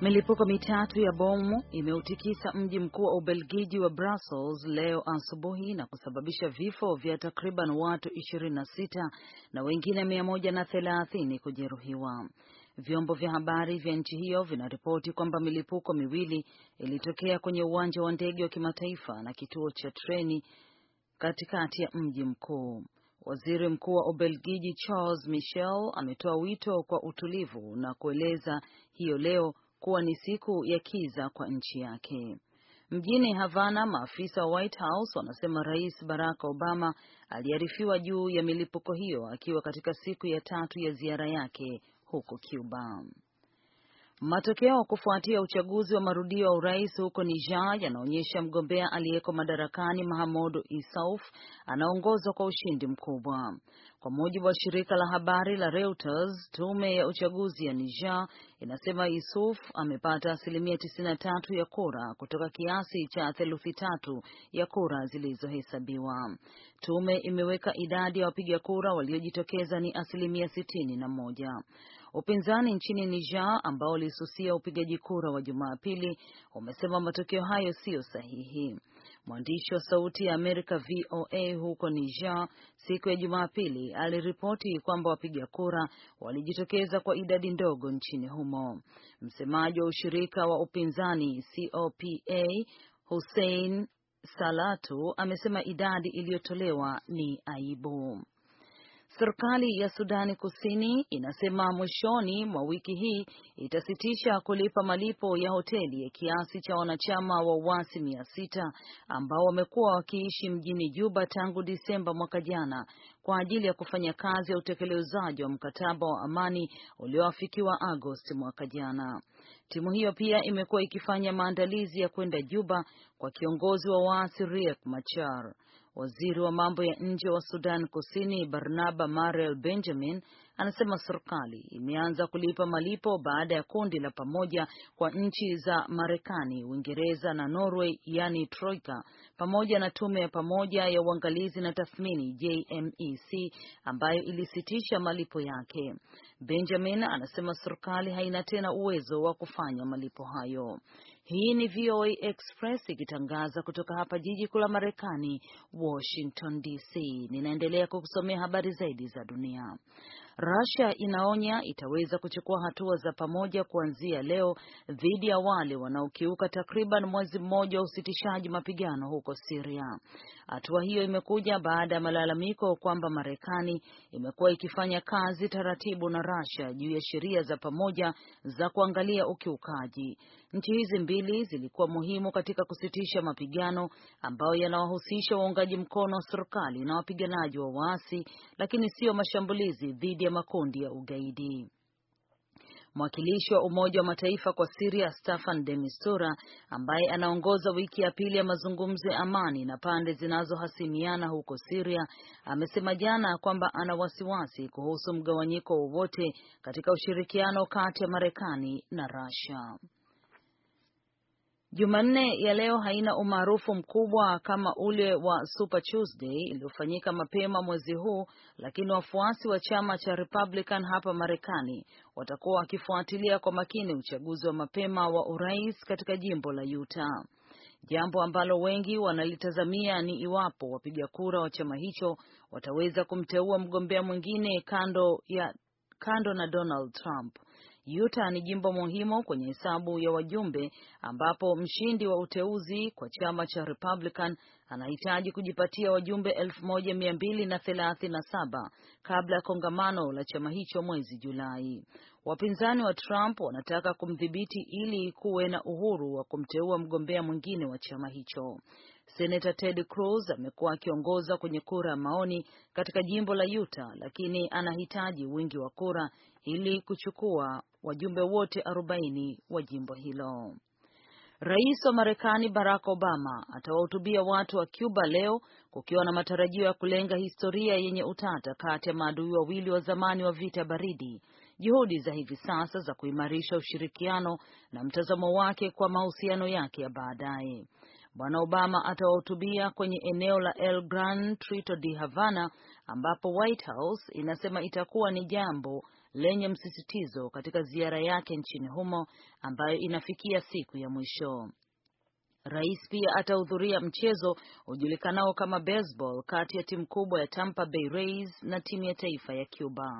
Milipuko mitatu ya bomu imeutikisa mji mkuu wa Ubelgiji wa Brussels leo asubuhi na kusababisha vifo vya takriban watu 26 na wengine 130 kujeruhiwa. Vyombo vya habari vya nchi hiyo vinaripoti kwamba milipuko miwili ilitokea kwenye uwanja wa ndege wa kimataifa na kituo cha treni katikati ya mji mkuu. Waziri Mkuu wa Ubelgiji Charles Michel ametoa wito kwa utulivu na kueleza hiyo leo kuwa ni siku ya kiza kwa nchi yake. Mjini Havana, maafisa wa White House wanasema Rais Barack Obama aliarifiwa juu ya milipuko hiyo akiwa katika siku ya tatu ya ziara yake huko Cuba. Matokeo kufuatia uchaguzi wa marudio wa urais huko Niger yanaonyesha mgombea aliyeko madarakani Mahamudu Issouf anaongozwa kwa ushindi mkubwa. Kwa mujibu wa shirika la habari la Reuters, tume ya uchaguzi ya Niger inasema Issouf amepata asilimia 93 ya kura kutoka kiasi cha theluthi tatu ya kura zilizohesabiwa. Tume imeweka idadi ya wapiga kura waliojitokeza ni asilimia sitini na moja. Upinzani nchini Niger ambao ulisusia upigaji kura wa Jumapili umesema matokeo hayo siyo sahihi. Mwandishi wa Sauti ya Amerika VOA huko Niger siku ya Jumapili aliripoti kwamba wapiga kura walijitokeza kwa idadi ndogo nchini humo. Msemaji wa ushirika wa upinzani COPA Hussein Salatu amesema idadi iliyotolewa ni aibu. Serikali ya Sudani Kusini inasema mwishoni mwa wiki hii itasitisha kulipa malipo ya hoteli ya kiasi cha wanachama wa uasi mia sita ambao wamekuwa wakiishi mjini Juba tangu Disemba mwaka jana kwa ajili ya kufanya kazi ya utekelezaji wa mkataba wa amani ulioafikiwa Agosti mwaka jana. Timu hiyo pia imekuwa ikifanya maandalizi ya kwenda Juba kwa kiongozi wa waasi Riek Machar. Waziri wa mambo ya nje wa Sudan Kusini Barnaba Marel Benjamin anasema serikali imeanza kulipa malipo baada ya kundi la pamoja kwa nchi za Marekani, Uingereza na Norway, yani Troika, pamoja na tume ya pamoja ya uangalizi na tathmini JMEC ambayo ilisitisha malipo yake. Benjamin anasema serikali haina tena uwezo wa kufanya malipo hayo. Hii ni VOA Express ikitangaza kutoka hapa jiji kuu la Marekani, Washington DC. Ninaendelea kukusomea habari zaidi za dunia. Russia inaonya itaweza kuchukua hatua za pamoja kuanzia leo dhidi ya wale wanaokiuka takriban mwezi mmoja wa usitishaji mapigano huko Syria. Hatua hiyo imekuja baada ya malalamiko kwamba Marekani imekuwa ikifanya kazi taratibu na Russia juu ya sheria za pamoja za kuangalia ukiukaji. Nchi hizi mbili mbili zilikuwa muhimu katika kusitisha mapigano ambayo yanawahusisha waungaji mkono wa serikali na wapiganaji wa waasi, lakini sio mashambulizi dhidi ya makundi ya ugaidi. Mwakilishi wa Umoja wa Mataifa kwa Siria Staffan de Mistura, ambaye anaongoza wiki ya pili ya mazungumzo ya amani na pande zinazohasimiana huko Siria, amesema jana kwamba ana wasiwasi kuhusu mgawanyiko wowote katika ushirikiano kati ya Marekani na Russia. Jumanne ya leo haina umaarufu mkubwa kama ule wa Super Tuesday iliyofanyika mapema mwezi huu, lakini wafuasi wa chama cha Republican hapa Marekani watakuwa wakifuatilia kwa makini uchaguzi wa mapema wa urais katika jimbo la Utah. Jambo ambalo wengi wanalitazamia ni iwapo wapiga kura wa chama hicho wataweza kumteua mgombea mwingine kando ya kando na Donald Trump Utah ni jimbo muhimu kwenye hesabu ya wajumbe ambapo mshindi wa uteuzi kwa chama cha Republican anahitaji kujipatia wajumbe 1237 na kabla ya kongamano la chama hicho mwezi Julai. Wapinzani wa Trump wanataka kumdhibiti ili kuwe na uhuru wa kumteua mgombea mwingine wa chama hicho. Senator Ted Cruz amekuwa akiongoza kwenye kura ya maoni katika jimbo la Utah, lakini anahitaji wingi wa kura ili kuchukua wajumbe wote 40 wa jimbo hilo. Rais wa Marekani Barack Obama atawahutubia watu wa Cuba leo kukiwa na matarajio ya kulenga historia yenye utata kati ya maadui wawili wa zamani wa vita baridi, juhudi za hivi sasa za kuimarisha ushirikiano na mtazamo wake kwa mahusiano yake ya baadaye. Bwana Obama atawahutubia kwenye eneo la El Gran Trito de Havana ambapo White House inasema itakuwa ni jambo lenye msisitizo katika ziara yake nchini humo ambayo inafikia siku ya mwisho. Rais pia atahudhuria mchezo ujulikanao kama baseball kati ya timu kubwa ya Tampa Bay Rays na timu ya taifa ya Cuba.